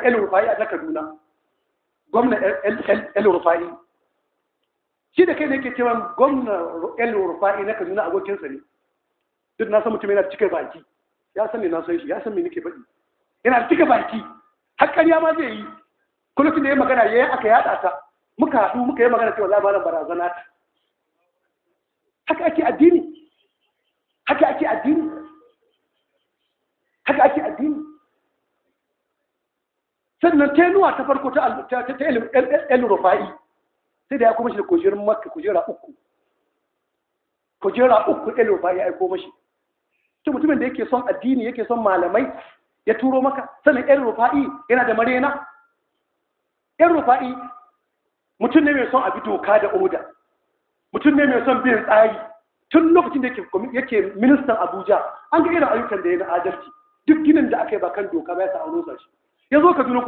el rufai a ta kaduna gwamna el rufai shi da kai ne ke cewa gwamna el rufai na kaduna abokinsa ne duk na san mutum yana cika baki ya san ne na san shi ya san me nake faɗi yana cika baki hakan ya ma zai yi kullum da ya magana ya yi aka yada ta muka haɗu muka yi magana cewa labarin barazana ta haka ake addini haka ake addini haka ake addini sannan tenuwa ta farko ta el rufa'i sai da ya kuma shi da kujerar makka kujera uku kujera uku el rufa'i ya aiko mashi ta mutumin da yake son addini yake son malamai ya turo maka sannan el rufa'i yana da marena el rufa'i mutum ne mai son abi doka da oda mutum ne mai son bin tsari tun lokacin da yake ministan abuja an ga irin ayyukan da ya na adalci duk ginin da aka yi ba kan doka ba ya sa a shi ya zo ka kuma